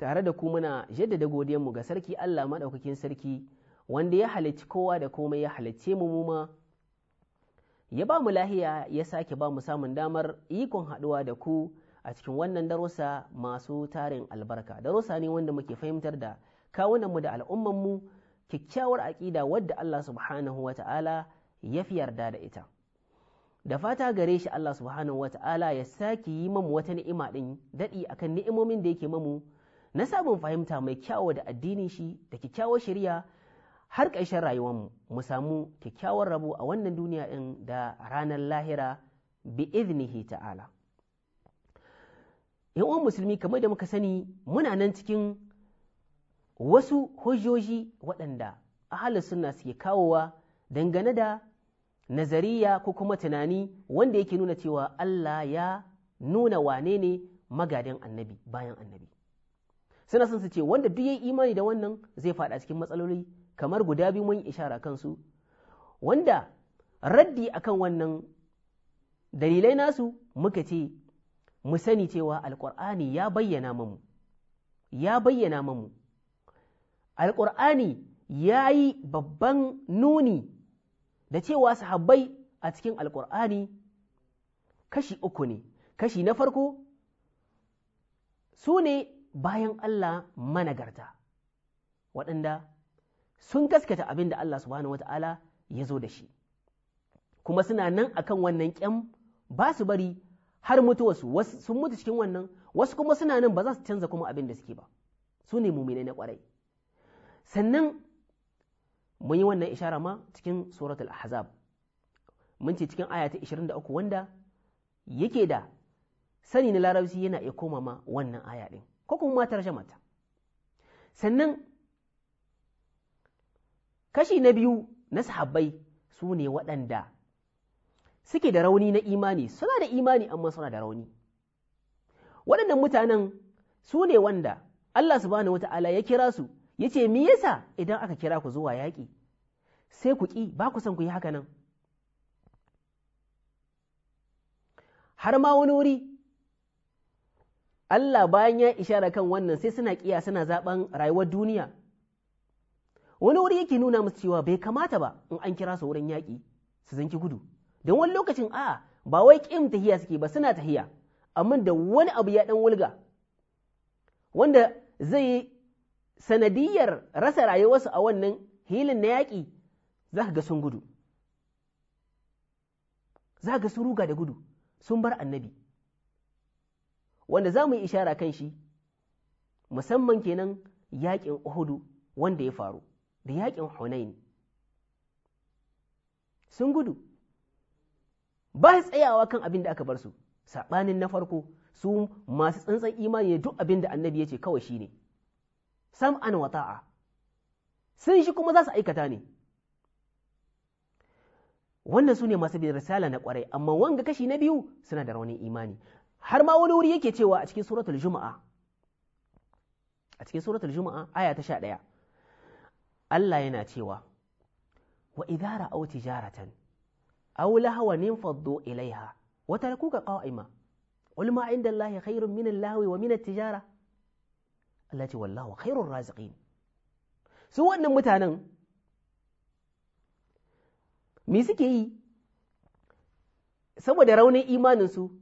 tare da ku muna jaddada mu ga sarki Allah maɗaukakin sarki wanda ya halicci kowa da komai ya halicce mu muma ya ba mu lahiya ya sake ba mu samun damar ikon haɗuwa da ku a cikin wannan darussa masu tarin albarka darussa ne wanda muke fahimtar da kawunanmu da al'ummanmu kyakkyawar aƙida wadda Allah subhanahu wa ta'ala ya fi yarda da ita da fata gare shi Allah subhanahu wa ta'ala ya sake yi mamu wata ni'ima ɗin daɗi akan ni'imomin da yake mamu na sabon fahimta mai kyawo da addinin shi da kyakkyawar shari'a har ƙarshen rayuwar mu mu samu kyakkyawar rabo a wannan duniya ɗin da ranar lahira bi iznihi ta'ala uwan musulmi kamar da muka sani muna nan cikin wasu hujjoji waɗanda ahalin sunna suke kawowa dangane da nazariya ko kuma tunani wanda yake nuna cewa Allah ya nuna wane ne magadin annabi bayan annabi suna son su ce wanda duk ya yayi imani da wannan zai faɗa cikin matsaloli kamar guda biyu mun ishara kansu wanda raddi akan wannan dalilai nasu muka ce mu sani cewa alƙur'ani ya bayyana mamu ya bayyana mamu alƙur'ani ya yi babban nuni da cewa sahabbai a cikin alƙur'ani kashi uku ne kashi na farko su ne bayan Allah managarta waɗanda sun gaskata abin da Allah subhanahu wata'ala ya zo da shi kuma suna nan akan wannan ƙyam ba su bari har mutuwarsu sun mutu cikin wannan wasu kuma suna nan ba za su canza kuma abin da suke ba su ne muminai na kwarai sannan mun yi wannan ishara ma cikin suratul ahzab mun ce cikin aya ta 23 wanda yake da sani na larabci yana iya koma ma wannan aya din ko kuma ma mata sannan kashi na biyu na sahabbai su ne waɗanda suke da rauni na imani suna da imani amma suna da rauni waɗannan mutanen su ne wanda Allah subhanahu wata'ala ya kira su ya ce mi yasa idan aka kira ku zuwa yaƙi sai ku ƙi ba ku san ku yi haka nan har ma wani wuri Allah bayan ya ishara kan wannan sai suna kiya suna zaben rayuwar duniya wani wuri yake nuna musu cewa bai kamata ba in an kira su wurin yaƙi su zanki gudu don wani lokacin a ba wai ƙin tahiya suke ba suna tahiya amma da wani abu ya ɗan wulga wanda zai sanadiyar rasa rayuwarsu a wannan hilin na yaƙi za ka ga sun gudu za ga sun ruga da gudu sun bar annabi wanda za mu yi ishara kan shi musamman kenan yakin Uhudu wanda ya faru da yaƙin Hunain sun gudu ba su tsayawa kan abin da aka bar su saɓanin na farko su masu tsantsan imani ne duk abin da annabi ya ce kawai shi ne an wata'a sun shi kuma za su aikata ne wannan su ne masu bin risala na kwarai amma wanga kashi na biyu suna da raunin imani har ma wani wuri yake cewa a cikin suratul juma'a a cikin suratul juma'a aya ta sha ɗaya. Allah yana cewa wa idara aw tijaratan aw nin infaddu ilaiha wa tarakuka qa'ima qul ma inda Allah khairun min al-lahwi wa min tijara Allah ce wallahu khairur raziqin su wannan mutanen me suke yi saboda raunin imaninsu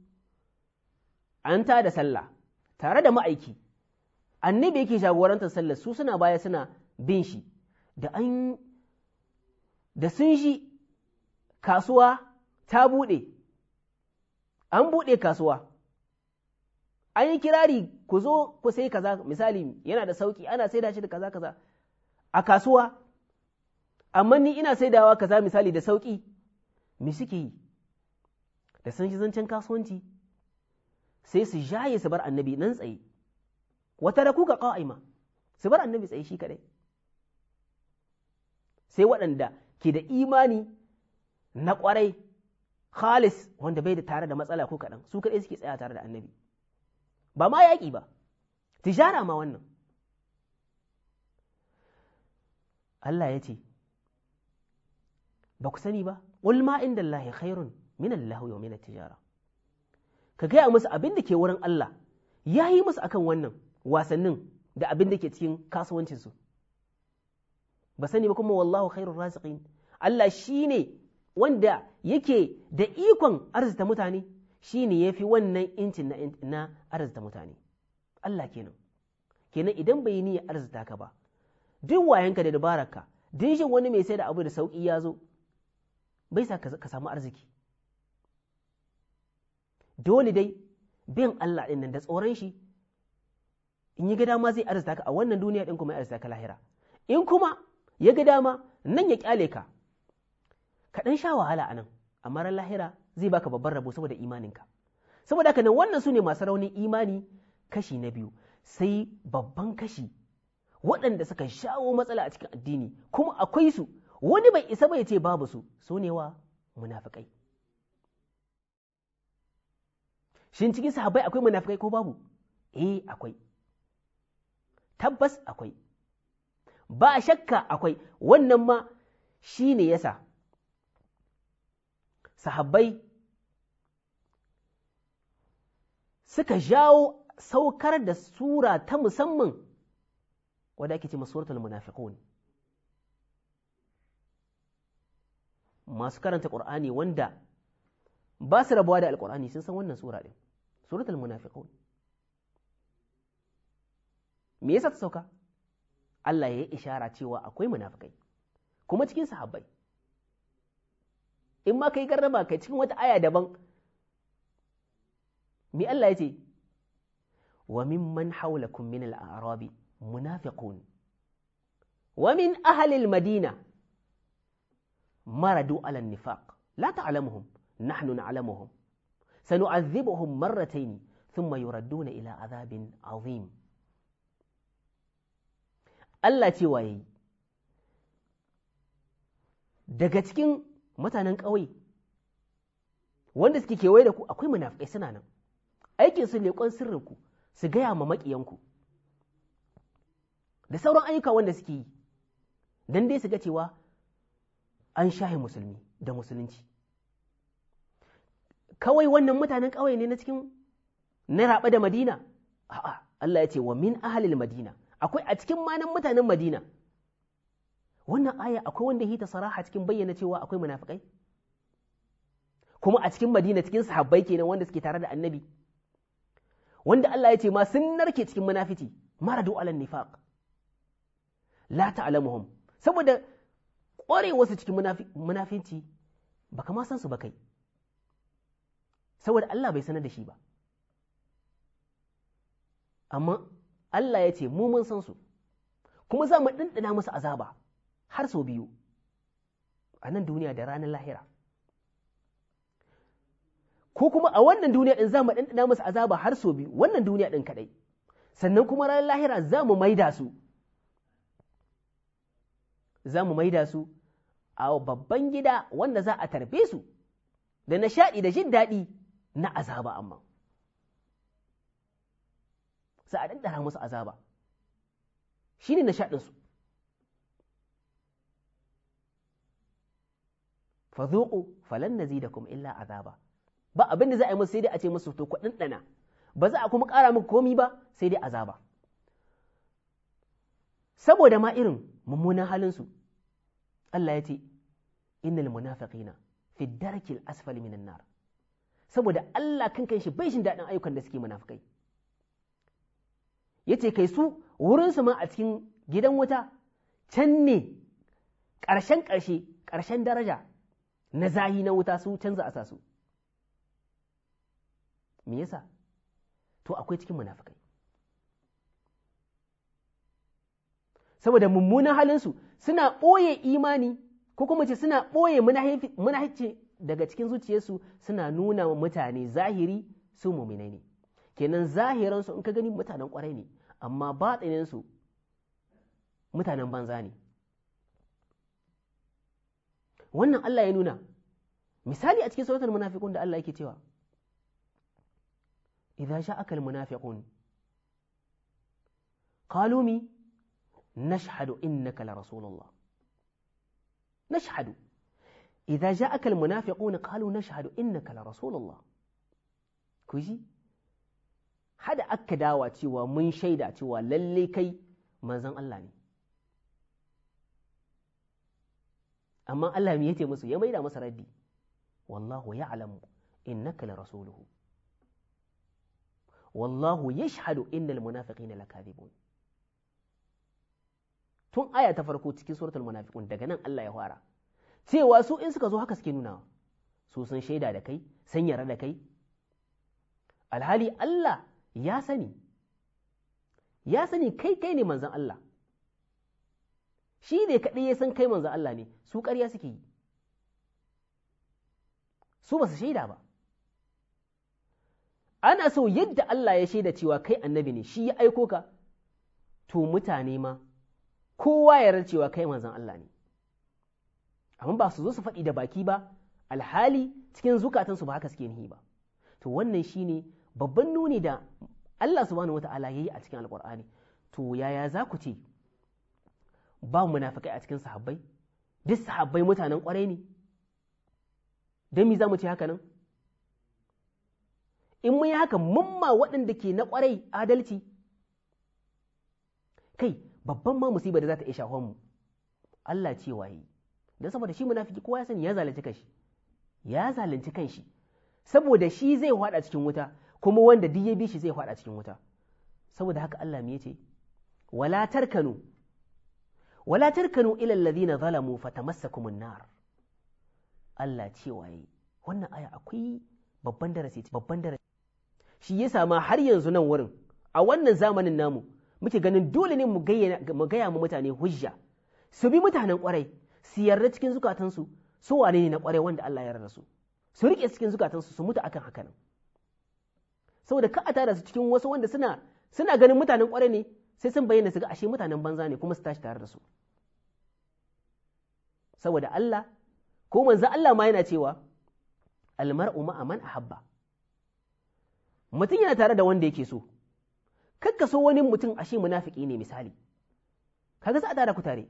an ta da sallah tare da ma'aiki annabi yake jagorantar sallah, su suna baya suna bin shi da an da sun shi kasuwa ta buɗe an buɗe kasuwa an yi kirari ku zo ku sai kaza misali yana da sauki ana sai da shi da kaza kaza a kasuwa amma ni ina saidawa kaza misali da sauƙi. me suke yi da sun shi zancen kasuwanci sai su jaye su bar annabi nan tsaye wata da kuka ƙa'ima su bar annabi tsaye shi kaɗai sai waɗanda ke da imani na ƙwarai khalis wanda bai da tare da matsala ko kaɗan su kaɗai suke tsaya tare da annabi ba ma yaƙi ba tijara ma wannan Allah ya ce ba ku sani ba ulma inda Allah khairun min Allah yau min tijara ka gaya musu abin da ke wurin Allah ya yi musu akan wannan wasannin da abin da ke cikin kasuwancinsu ba sani ba kuma wallahu khairun raziqin Allah shi ne wanda yake da ikon arzita mutane shi ne ya fi wannan incin na na arzita mutane Allah kenan kenan idan bai yi niyyar arzita ka ba duk wayanka da dabararka shi wani mai sai da abu da sauki ya zo bai sa ka samu arziki dole dai bin Allah ɗin nan da tsoron shi in yi ga dama zai arzita ka a wannan duniya ɗin kuma ya arzita ka lahira in kuma ya ga dama nan ya kyale ka ka ɗan sha wahala a nan amma ran lahira zai baka babban rabo saboda imaninka saboda haka nan wannan su ne masu raunin imani kashi na biyu sai babban kashi waɗanda suka shawo matsala a cikin addini kuma akwai su wani bai isa ba ya ce babu su su ne wa munafikai shin cikin sahabbai akwai munafikai ko babu eh akwai tabbas akwai ba a shakka akwai wannan ma shi ne yasa sahabbai suka jawo saukar da sura ta musamman wadda ake ce masuratul munafiqun masu karanta ƙur'ani wanda ba su rabuwa da alkur'ani sun san wannan sura ɗin suratul munafiqun me yasa ta sauka Allah ya yi ishara cewa akwai munafikai kuma cikin sahabbai in ma kai garraba kai cikin wata aya daban me Allah ya ce wa mimman hawlakum min al-a'rabi munafiqun wa min ahli al-madina maradu ala an-nifaq la ta'lamuhum nahnu na'lamuhum sanu'adhibuhum marratayn thumma na ila azabin azim Allah cewa yayi daga cikin mutanen ƙauye wanda suke kewaye da ku akwai munafikai suna nan aikin su leƙon sirrinku su gaya ma maƙiyanku da sauran ayyuka wanda suke yi don dai su ga cewa an shahe musulmi da musulunci kawai wannan mutanen ƙauye ne na cikin na raɓa da madina a'a Allah ya ce wa min ahalil madina akwai a cikin manan mutanen madina wannan aya akwai wanda hita saraha cikin bayyana cewa akwai munafikai kuma a cikin madina cikin sahabbai kenan wanda suke tare da annabi wanda Allah ya ce ma sun narke cikin munafici mara alal nifaq la ta'lamuhum saboda ƙwarewarsu cikin munafinci baka ma san su ba kai saboda Allah bai sanar da shi ba amma Allah ya ce mu mun san su kuma za mu ɗinɗina musu azaba har sau biyu a nan duniya da ranar lahira ko kuma a wannan duniya ɗin za mu ɗanɗana musu azaba har sau biyu wannan duniya ɗin kaɗai sannan kuma ranar lahira za mu maida su za mu maida su a babban gida wanda za a tarbe su da nishaɗi da jin daɗi na azaba amma sai a dandara musu azaba shi ne nishaɗinsu fazuku falan nazi da kuma illa azaba ba abin da za a yi musu sai dai a ce musu to kuɗin ɗana ba za a kuma ƙara muku komi ba sai dai azaba saboda ma irin mummunan halinsu Allah ya ce innal munafiqina fi darkil asfali minan nar saboda Allah kan kanshi bai shin daɗin ayyukan da suke munafukai yace kai su wurin su ma a cikin gidan wuta can ne ƙarshen ƙarshe ƙarshen daraja na zahi na wuta su canza a su me yasa to akwai cikin munafukai saboda mummunan halinsu suna ɓoye imani ko kuma ce suna ɓoye daga cikin zuciyarsu suna nuna wa mutane zahiri su muminai ne kenan zahiransu in ka gani mutanen kwarai ne amma baɗininsu mutanen banza ne wannan Allah ya nuna misali a cikin suratul munafiqun da Allah yake cewa idza sha'aka al-munafiqun qalu mi nashhadu innaka la rasulullah nashhadu idza ja'aka almunafiquna na nashhadu innaka la rasulullah ku ji hada aka dawa cewa mun shaida cewa lalle kai manzon Allah ne amma Allah me yace musu ya maida masa raddi wallahu ya'lamu innaka la rasuluhu wallahu yashhadu innal munafiqina lakadhibun tun aya ta farko cikin suratul munafiqun daga nan Allah ya fara cewa su in suka zo haka suke nuna su sun shaida da kai sun yara da kai alhali Allah ya sani ya sani kai kai ne manzan Allah shi ne kaɗai ya san kai manzan Allah ne su ƙarya suke yi su ba su shaida ba ana so yadda Allah ya shaida cewa kai annabi ne shi ya aiko ka to mutane ma kowa ya cewa kai manzan Allah ne amma ba su zo su faɗi da baki ba alhali cikin zukatansu ba haka suke nihi ba to wannan shine babban nuni da Allah subhanahu wata'ala yayi a cikin alqur'ani to yaya za ku ce ba munafikai a cikin sahabbai duk sahabbai mutanen kwarai ne don me za mu ce haka nan in mun yi haka mun ma waɗanda ke na kwarai adalci kai babban ma musiba da za ta iya shahon mu Allah ce waye. don saboda shi munafiki kowa ya sani ya zalunci kanshi ya zalunci kanshi saboda shi zai fada cikin wuta kuma wanda duk ya bi shi zai fada cikin wuta saboda haka Allah me yace wala tarkanu wala tarkanu ila alladhina zalamu fatamassakumun nar Allah ce waye wannan aya akwai babban darasi babban darasi shi ya sama har yanzu nan wurin a wannan zamanin namu muke ganin dole ne mu gaya mu mutane hujja su bi mutanen kwarai su yarda cikin zukatansu su wane ne na kwarai wanda Allah ya rarrasu su riƙe cikin zukatansu su mutu akan hakanan saboda ka a tara su cikin wasu wanda suna suna ganin mutanen kwarai ne sai sun bayyana su ga ashe mutanen banza ne kuma su tashi tare da su saboda Allah ko manzo Allah ma yana cewa almar'u ma'a man ahabba mutum yana tare da wanda yake so kakka so wani mutum ashe munafiki ne misali kaga za a tara ku tare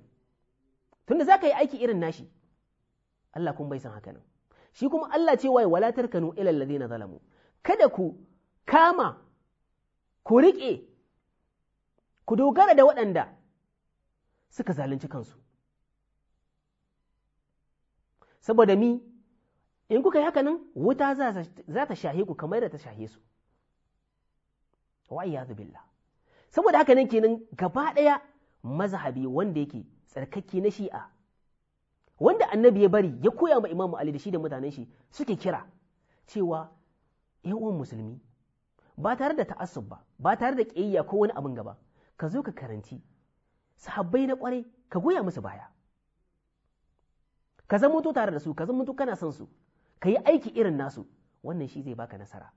tunda za ka yi aiki irin nashi Allah kun bai san haka nan shi kuma Allah ce wai wala tarkanu ilal na zalamu kada ku kama ku riƙe ku dogara da waɗanda suka zalunci kansu saboda mi in kuka yi haka nan wuta za ta shahe ku kamar da ta shahe su wa iyyazu billah saboda haka nan kenan gaba ɗaya mazhabi wanda yake tsarkake na shi'a wanda annabi ya bari ya koya ma imamu ali da shi da mutanen shi suke kira cewa yan uwan musulmi ba tare da ta'assub ba ba tare da ƙiyayya ko wani abin gaba ka zo ka karanci sahabbai na kwarai ka goya musu baya ka to tare da su ka to kana son su ka yi aiki irin nasu wannan shi zai baka nasara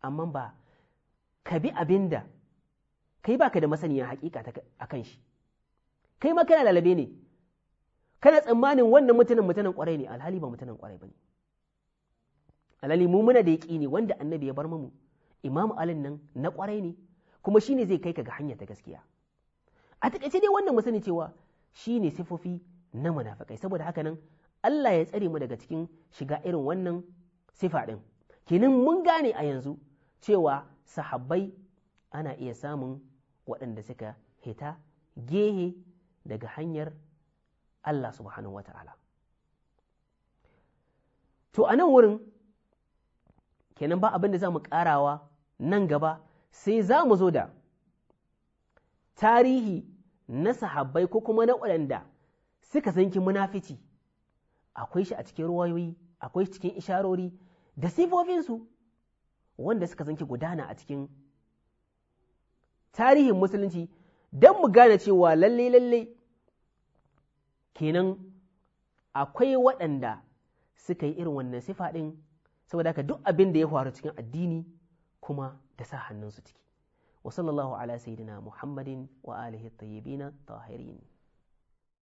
amma ba ka bi abin da kai baka da masaniya hakika a kan shi kai ma kana lalabe ne kana tsammanin wannan mutanen mutanen kwarai ne alhali ba mutanen kwarai ba ne alhali mu muna da yaki ne wanda annabi ya bar mu imam alin nan na kwarai ne kuma shi ne zai kai ka ga hanya ta gaskiya a taƙaice dai wannan mu sani cewa shi ne sifofi na munafikai saboda haka nan Allah ya tsare mu daga cikin shiga irin wannan sifa ɗin kenan mun gane a yanzu cewa sahabbai ana iya samun waɗanda suka hita gehe daga hanyar Allah subhanahu wata'ala to a nan wurin kenan ba abin da za mu ƙarawa nan gaba sai za mu zo da tarihi na sahabbai ko kuma na waɗanda suka zanki munafici akwai shi a cikin ruwayoyi akwai shi cikin isharori da sifofinsu wanda suka zanki gudana a cikin tarihin musulunci don mu gane cewa lalle lalle kenan akwai waɗanda suka yi irin wannan sifa ɗin saboda haka duk abin da ya faru cikin addini kuma da sa hannunsu ciki wa sallallahu ala sayyidina muhammadin wa alihi tayyibina tahirin